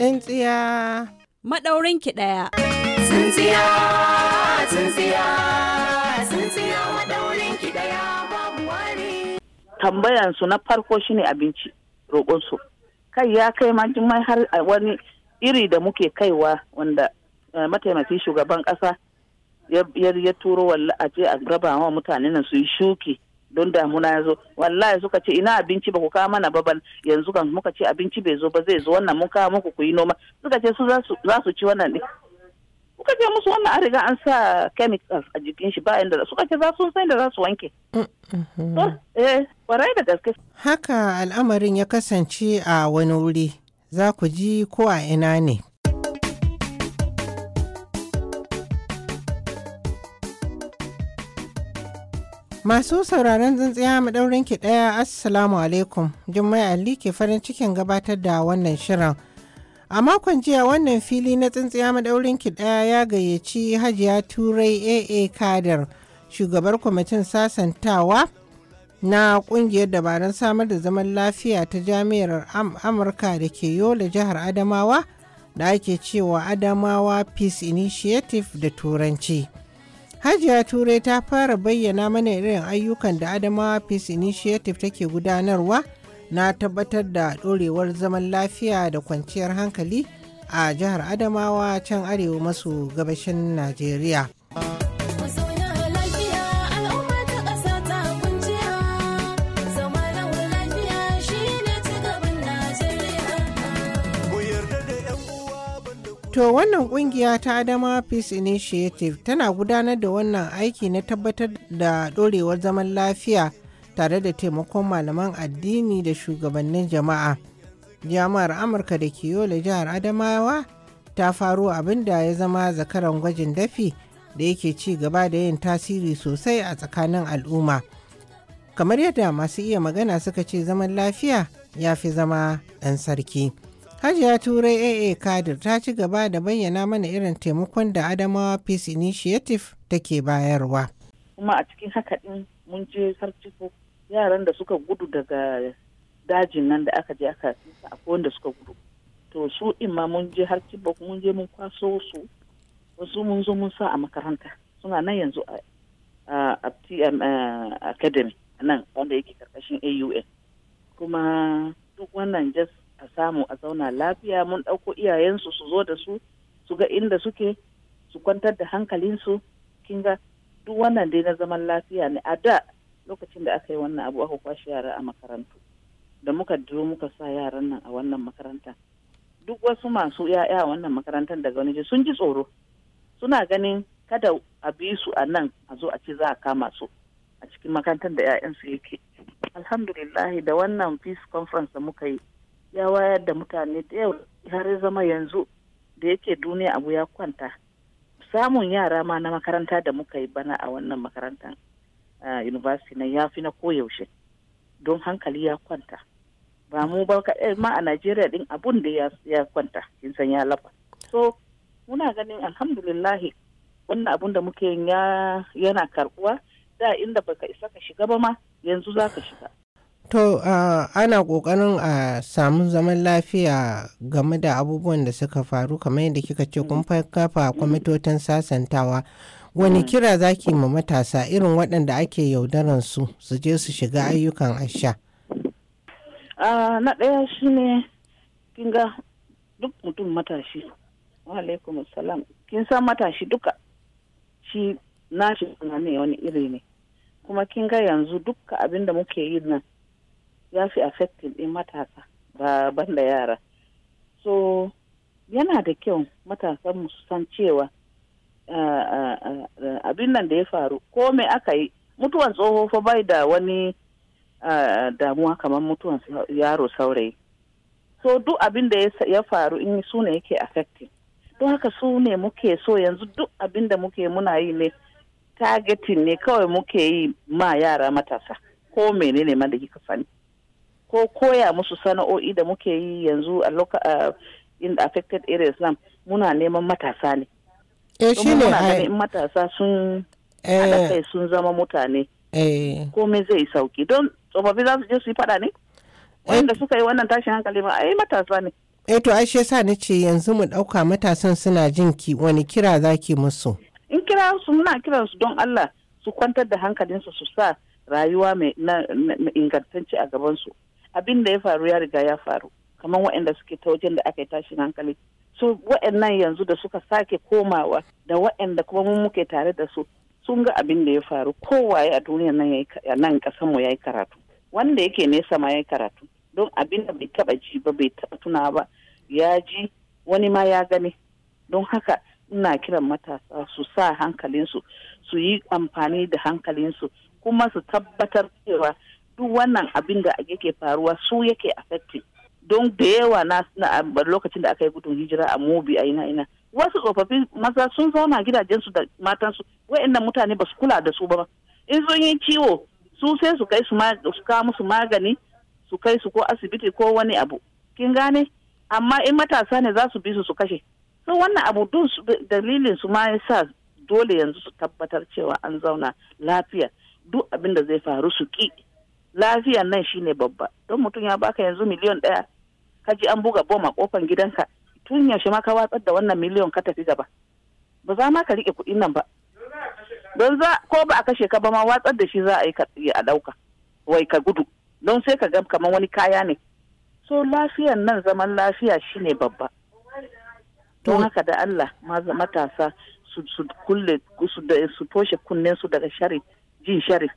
Tsintsiya. Maɗaurin ki ɗaya. Tsintsiya, tsintsiya, tsintsiya maɗaurin ki ɗaya babu wari. Tambayansu na farko shine abinci roƙonsu. Kai ya kai mai har wani iri da muke kaiwa wanda eh, mataimakin shugaban ƙasa ya turo walla a je a raba wa mutanen su yi shuki don damuna ya zo wallahi suka ce ina abinci ba ku kawo mana ba yanzu kan muka ce abinci bai zo ba zai zo wannan mun kawo muku ku yi noma suka ce su za su ci wannan ne. suka ce musu wannan an riga an sa chemicals a jikin shi ba inda suka ce za su san da za su wanke. Kwarai mm-hmm. eh, da gaske. Haka al'amarin ya kasance a wani wuri za ku ji ko a ina ne. Masu sauraron tsintsiya mu ɗaurin ki ɗaya Assalamu alaikum. Jummai Ali ke farin cikin gabatar da wannan shirin. A makon jiya wannan fili na tsintsiya madaurin ki ɗaya ya gayyaci Hajiya Turai AA Kadir, shugabar kwamitin sasantawa na ƙungiyar dabarun samar da zaman lafiya ta jami'ar Amurka da ke Yola jihar Adamawa da ake cewa Adamawa Peace Initiative da Turanci. Hajiya Turai ta fara bayyana mana irin ayyukan da Adamawa Peace Initiative take gudanarwa na tabbatar da ɗorewar zaman lafiya da kwanciyar hankali a jihar Adamawa can arewa maso gabashin Najeriya. To wannan kungiya ta Adama Peace Initiative tana gudanar da wannan aiki na tabbatar da ɗorewar zaman lafiya tare da taimakon malaman addini da shugabannin jama'a. Jami'ar Amurka da ke yola jihar Adamawa ta faro abin da ya zama zakaran gwajin dafi da yake ci gaba da yin tasiri sosai a tsakanin al'umma. Kamar yadda masu iya magana suka ce zaman lafiya ya fi zama ɗan sarki. Hajiya Turai AA Kadir ta ci gaba da bayyana mana irin taimakon da Adamawa Peace Initiative take bayarwa. Kuma a cikin haka ɗin mun je sarciko yaran da suka gudu daga dajin nan da aka je aka sisa a wanda suka gudu. To su in ma mun je har Chibok mun je mun kwaso su wasu mun zo mun sa a makaranta suna nan yanzu a Academy nan wanda yake karkashin AUN. Kuma duk wannan just a samu a zauna lafiya mun ɗauko iyayensu su zo da su su ga inda suke su kwantar da hankalinsu kin ga duk wannan dai na zaman lafiya ne a da lokacin da aka yi wannan abu aka kwashe yara a makarantu da muka duro muka sa yaran nan a wannan makaranta duk wasu masu ya'ya a wannan makarantar daga wani sun ji tsoro suna ganin kada a bi su a nan a zo a ce za a kama su a cikin makarantar da 'ya'yansu yake alhamdulillah da wannan peace conference da muka yi ya wayar da mutane da yau har zama yanzu da yake duniya abu ya kwanta samun yara ma na makaranta da muka yi bana a wannan makarantar university na ya fi na koyaushe don hankali ya kwanta ba mu ba kaɗai eh, ma a najeriya din abun da ya kwanta kin san ya lafa so muna ganin alhamdulillahi wannan abun da muke yana karbuwa da inda baka isa ka shiga ba ma yanzu za ka shiga To uh, ana ƙoƙarin a uh, samu zaman lafiya game da abubuwan da suka faru kamar yadda kika ce kun kafa kwamitotin sasantawa. Wani mm. kira za zaki ma matasa irin waɗanda ake yaudaran su su je su shiga ayyukan asha? na ɗaya shi ne ga duk mutum matashi. alaikum salam. Kin san matashi duka shi shi tunani wani iri ne. Kuma kin ga yanzu duka abin da muke yi nan ya fi affecting ɗin matasa ba banda yara so yana da kyau matasan su san cewa abin nan da ya faru ko me aka yi mutuwan tsoho fa bai da wani damuwa kamar mutuwan yaro saurayi so duk abin da ya faru in su ne yake affecting don haka su ne muke so yanzu duk abin da muke muna yi ne targeting ne kawai muke yi ma yara matasa ko menene ma da kika sani ko koya musu sana'o'i da muke yi yanzu a in affected areas nan muna neman matasa ne. Eh shi ne matasa sun haɗa eh. kai sun zama mutane. Eh. Komai zai sauki don tsofaffi za su je su yi faɗa ne? Eh. Wanda suka yi wannan tashin hankali ma ai matasa ne. Eh to ai shi sa ce yanzu mu ɗauka matasan suna jin ki wani kira zaki musu. In kira su muna kiran su don Allah su kwantar da hankalinsu su sa rayuwa mai ingantacci ingantacce a gabansu. abin da ya faru ya riga ya faru kamar waɗanda suke ta wajen da aka yi tashin hankali su waɗannan yanzu da suka sake komawa da waɗanda kuma mun muke tare da su sun ga abin da ya faru kowaye a duniya nan nan kasanmu ya yi karatu wanda yake nesa ma ya karatu don abin da bai taba ji ba bai taba tuna ba ya ji wani ma ya gani don haka ina kiran matasa su sa hankalinsu su yi amfani da hankalinsu kuma su tabbatar cewa duk wannan abin da yake faruwa su yake affecting don da yawa na lokacin da aka yi gudun hijira a mobi a ina ina wasu tsofaffi maza sun zauna gidajensu da matansu wa'annan mutane ba su kula da su ba in sun yi ciwo su sai su kai su kawo musu magani su kai su ko asibiti ko wani abu kin gane amma in matasa ne za su bi su su kashe so wannan abu dun dalilin su ma yasa dole yanzu su tabbatar cewa an zauna lafiya duk abin da zai faru su ki lafiyan nan shine babba don mutum ya baka yanzu miliyon ɗaya ka ji an buga bom a kofan gidanka tun yaushe ma ka watsar da wannan miliyon ka tafi gaba ba za ma ka riƙe kuɗin nan ba don za ko ba a kashe ka ba ma watsar da shi za a yi a ɗauka wai ka gudu don sai ka ga kamar wani kaya ne so lafiyan nan zaman lafiya shine babba don haka da Allah matasa su kulle su toshe kunnen su daga shari jin shari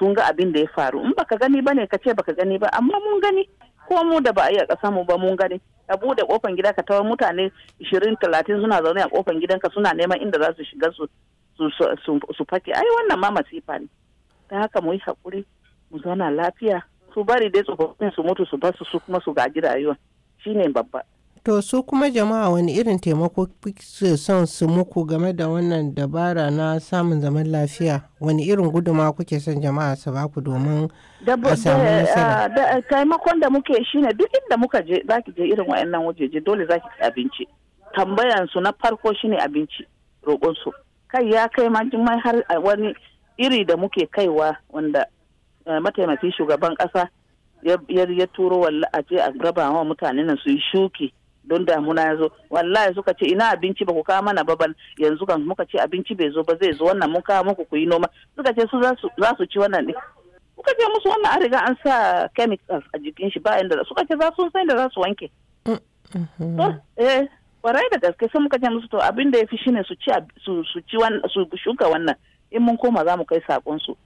sun ga abin da ya faru in baka gani ba ne ka ce baka gani ba amma mun gani ko mu da ba a a ƙasa mu ba mun gani ka bude kofan gida ka tawar mutane 20 30 suna zaune a kofan gidanka suna neman inda za su shiga su su fake ai wannan ma masifa ne ta haka mu yi haƙuri mu zauna lafiya su bari dai tsofaffin su mutu su basu su kuma su gaji rayuwa shine babba To su kuma jama'a wani irin taimako su son su muku game da wannan dabara na samun zaman lafiya wani irin guduma kuke son jama'a su baku domin a samu nasara. Ah, taimakon da muke shi ne duk inda muka je za ki je irin wayannan wajeje dole za ki ci abinci. Tambayan su na farko shi ne abinci roƙon su. Kai ya kai ma mai har ah, wani iri da muke kaiwa wanda eh, mataimakin shugaban ƙasa ya turo walla a je a raba wa mutanen su yi shuki. don damuna ya zo wallahi suka ce ina abinci ba ku kawo mana ba ban yanzu kan muka ce abinci bai zo ba zai zo wannan mun kawo muku ku yi noma suka ce su za su ci wannan ne suka ce musu wannan an riga an sa chemicals a jikin shi ba inda suka ce za su san da za su wanke mm-hmm. eh kwarai da gaske sai muka ce musu to abin da ya fi shine su ci su ci su shuka wannan in mun koma za mu kai sakon su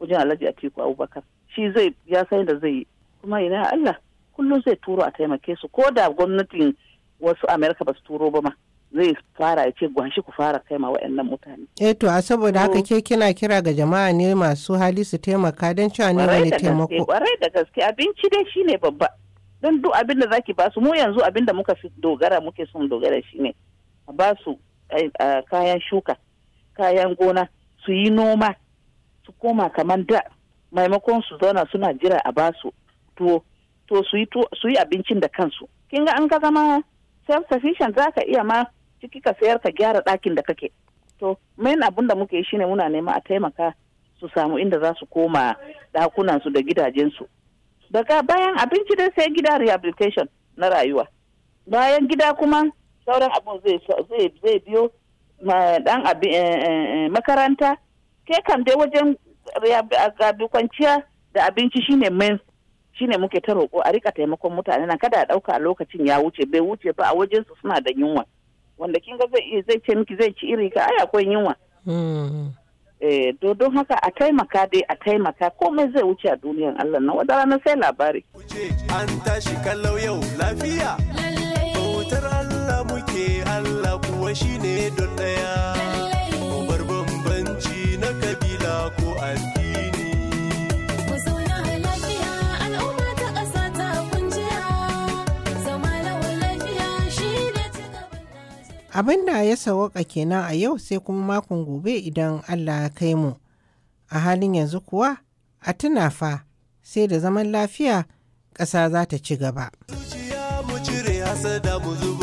wajen Alhaji Atiku Abubakar shi zai ya san da zai yi kuma ina Allah kullum zai turo a taimake su ko da gwamnatin wasu amerika ba su turo ba ma zai fara ya ce gwanshi ku fara kai ma waɗannan mutane. eh to a saboda haka mm. ke kina kira ga jama'a ne masu hali su taimaka don cewa ne wani taimako. Kwarai da gaske abinci dai shine babba don duk abin da zaki basu mu yanzu abin da muka fi dogara muke son dogara shine a basu eh, kayan shuka kayan gona su yi noma su koma kamar da maimakon su zauna suna jira a basu tuwo to su yi abincin da kansu kin ga an ga zama self sufficient za ka iya ma ciki ka sayar ka gyara ɗakin da kake to main abin da muke yi shine muna nema a taimaka su samu inda za su koma ɗakunansu da gidajensu daga bayan abinci dai sai gida rehabilitation na rayuwa bayan gida kuma sauran abin zai biyo dan eh, eh, eh, makaranta ke kan dai wajen kwanciya da abinci shine main shine muke ta roƙo a rika taimakon mutane nan kada a ɗauka a lokacin ya wuce bai wuce ba a wajen su suna da yunwa wanda kin ga zai zai ce miki zai ci iri ka ai akwai yunwa hmm. eh don haka a taimaka dai a taimaka komai zai wuce a duniyan Allah na wata rana sai labari an tashi kallau yau lafiya bautar Allah muke Allah kuwa shine don daya bar bambanci na kabila ko addini Abin da ya sawaka kenan a yau sai kuma makon gobe idan Allah ya kai mu. A halin yanzu kuwa, a tuna fa sai da zaman lafiya ƙasa za ta ci gaba. Zuciya mu cire hasada mu